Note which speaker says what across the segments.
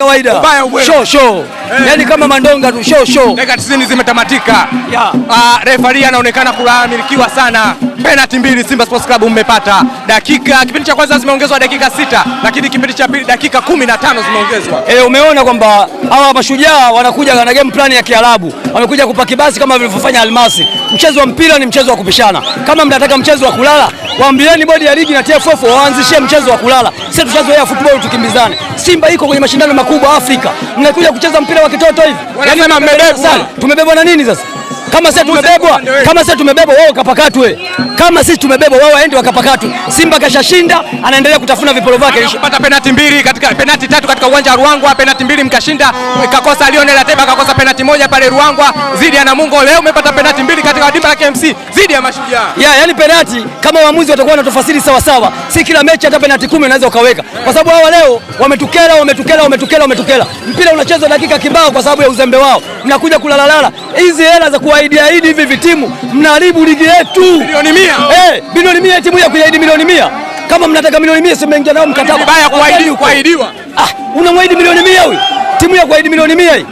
Speaker 1: Kawaida show show, hey. Eh. Yani kama Mandonga tu show show.
Speaker 2: Dakika 90 zimetamatika. Yeah. Uh, ah, refari anaonekana kulamilikiwa sana penalti mbili Simba Sports Club mmepata. Dakika kipindi cha kwanza zimeongezwa dakika sita, lakini kipindi cha pili dakika kumi na tano zimeongezwa.
Speaker 1: Eh, umeona kwamba hawa mashujaa wanakuja na game plan ya Kiarabu, wamekuja kupaki basi kama vilivyofanya Almasi. Mchezo wa mpira ni mchezo wa kupishana. Kama mnataka mchezo wa kulala, waambieni bodi ya ligi na TFF waanzishie mchezo wa kulala. Sisi tutazoea football tukimbizane. Simba iko kwenye mashindano makubwa Afrika, mnakuja kucheza mpira wa kitoto hivi. Yaani Tumebebwa na nini sasa? Kama sisi tumebebwa, kama sisi tumebebwa, wao kapakatwe. Kama sisi tumebebwa, wao waende wakapakatwe. Simba kashashinda, anaendelea kutafuna viporo vyake.
Speaker 2: Alipata penalti mbili katika penalti tatu katika uwanja wa Ruangwa, penalti mbili mkashinda, kakosa Lionel Ateba, kakosa penalti moja pale Ruangwa zidi ya Namungo. Leo umepata penalti mbili katika dimba la KMC zidi ya Mashujaa.
Speaker 1: Yeah, yani penalti kama waamuzi watakuwa na wanatofasiri sawa sawa, si kila mechi hata penalti 10 unaweza ukaweka. Kwa sababu hawa leo wametukela, wametukela, wametukela, wametukela. Mpira unachezwa dakika kibao kwa sababu ya uzembe wao. Mnakuja kulalalala. Hizi hela za kuwa kuahidi ahidi hivi vitimu, mnaharibu ligi yetu. Milioni mia eh, milioni mia timu ya kuahidi milioni mia kama mnataka milioni mia, simeingia nao mkataba
Speaker 2: baya kuahidi kuahidiwa.
Speaker 1: Ah, unamwahidi milioni mia huyu timu ya kuahidi milioni mia hii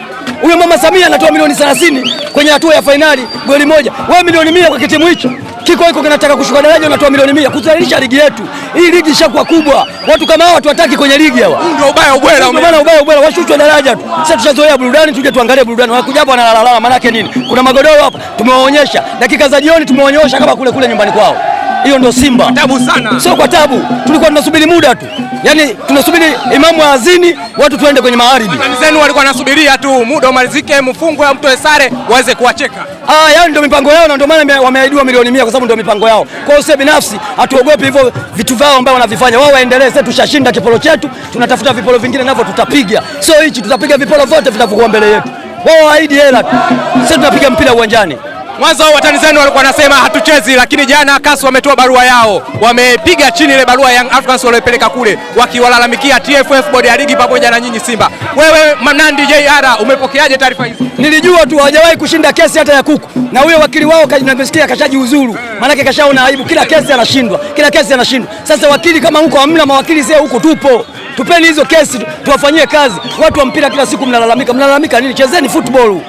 Speaker 1: huyo mama Samia anatoa milioni 30 kwenye hatua ya fainali goli moja, wewe milioni mia kwa kitimu hicho. Kiko iko kinataka kushuka daraja, unatoa milioni mia kuzalisha ligi yetu hii. Ligi ishakuwa kubwa, watu kama hao watu kwenye ligi hawa.
Speaker 2: Ndio ubaya ubwela, maana
Speaker 1: ubaya ubwela, washushwe daraja tu. Sasa tushazoea burudani, tuje tuangalie burudani. Wakuja hapa wanalalala, maana yake nini? Kuna magodoro hapa, tumewaonyesha dakika za jioni, tumewanyoosha kama kule kule nyumbani kwao hiyo ndio Simba. Kwa
Speaker 2: tabu sana.
Speaker 1: Sio kwa tabu, tulikuwa tunasubiri muda tu, yaani tunasubiri imamu azini watu tuende kwenye magharibi.
Speaker 2: Wenzenu walikuwa wanasubiria tu muda umalizike, mfungwe au mtoe sare waweze kuwacheka.
Speaker 1: Ah, yao yaani ndio mipango yao, na ndio maana wameahidiwa milioni mia kwa sababu ndio mipango yao. Kwa hiyo sisi binafsi hatuogopi hivyo vitu vyao ambao wanavifanya wao, waendelee. Sisi tushashinda kipolo chetu, tunatafuta vipolo vingine navyo tutapiga, sio hichi, tutapiga vipolo vyote vitavyokuwa mbele yetu. Wao waahidi hela tu, sisi tunapiga mpira uwanjani.
Speaker 2: Mwanzo Watanzania walikuwa wanasema hatuchezi, lakini jana CAS wametoa barua yao, wamepiga chini ile barua Young Africans waliopeleka kule, wakiwalalamikia TFF, bodi ya ligi pamoja na nyinyi Simba. Wewe Mnandi JR, umepokeaje taarifa hizi
Speaker 1: Nilijua tu hawajawahi kushinda kesi hata ya kuku, na huyo wakili wao nimesikia kashaji uzuru, maanake kashaona aibu, kila kesi anashindwa, kila kesi anashindwa. Sasa wakili kama huko hamna mawakili, sie huko tupo Tupeni hizo kesi tuwafanyie kazi. Watu wa mpira kila siku mnalalamika, mnalalamika nini? Chezeni football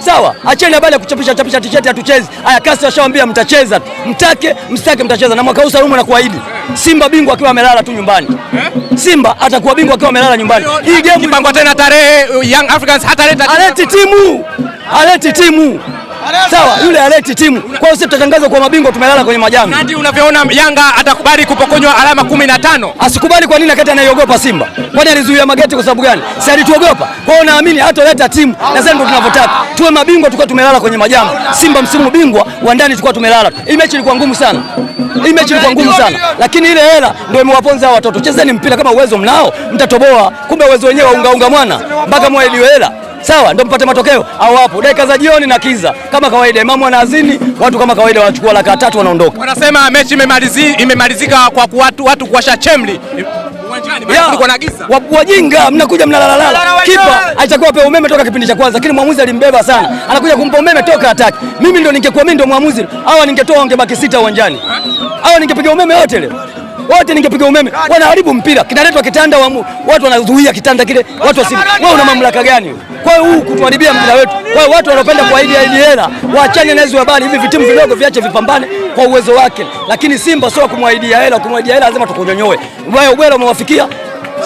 Speaker 1: sawa, acheni habari ya kuchapisha chapisha tisheti, hatuchezi. Haya, kasi washawambia mtacheza tu, mtake mstake mtacheza. Na mwaka huu na nakuahidi Simba bingwa akiwa amelala tu nyumbani, eh? Simba atakuwa bingwa akiwa amelala nyumbani.
Speaker 2: Hii game ipangwa tena tarehe, uh, Young Africans hataleta
Speaker 1: aleti timu, aleti timu sawa, yule aleti timu. Kwa hiyo sisi tutatangaza kwa mabingwa, tumelala kwenye majani.
Speaker 2: Nadi, unavyoona Yanga atakubali kupokonywa alama kumi na tano?
Speaker 1: Asikubali. Kwa nini? Akati anaiogopa Simba, kwani alizuia mageti kwa sababu gani? Si alituogopa. Kwa hiyo naamini leta timu, na sasa ndio tunavyotaka tuwe mabingwa, tukawa tumelala kwenye majani. Simba msimu bingwa wa ndani, tukawa tumelala. Hii mechi ilikuwa ngumu sana, hii mechi ilikuwa ngumu sana, lakini ile hela ndio imewaponza watoto. Chezeni mpira, kama uwezo mnao mtatoboa, kumbe uwezo wenyewe waungaunga mwana mpaka mweliwe hela sawa, ndio mpate matokeo au hapo dakika za jioni na kiza kama kawaida, imamu anaazini, watu kama kawaida wanachukua laka tatu wanaondoka.
Speaker 2: Wanasema mechi imemalizika kwa watu watu kuwasha chemli
Speaker 1: wajinga mnakuja mnalalalala. Kipa alichakuwa pe umeme toka kipindi cha kwanza, lakini mwamuzi alimbeba sana, anakuja kumpa umeme toka hataki. Mimi ndo ningekuwa mimi ndo mwamuzi, hawa ningetoa wangebaki sita uwanjani, hawa ningepiga umeme wote leo wote ningepiga umeme. Wanaharibu mpira, kinaletwa kitanda wa mu, watu wanazuia kitanda kile, watu wasi. Wewe una mamlaka gani? Kwa hiyo huu kutuharibia mpira wetu. Kwa hiyo watu wanaopenda kuahidi ahidi hela waachane na hizo habari. Hivi vitimu vidogo viache vipambane kwa uwezo wake, lakini Simba sio kumwaidia hela. Kumwahidia hela lazima tukunyonyoe wewe. Ubwela umewafikia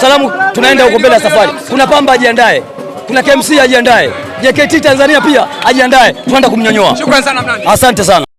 Speaker 1: salamu, tunaenda huko mbele ya safari. Kuna Pamba ajiandae, kuna KMC ajiandae, JKT Tanzania pia ajiandae, tunaenda kumnyonyoa. Shukrani sana asante sana.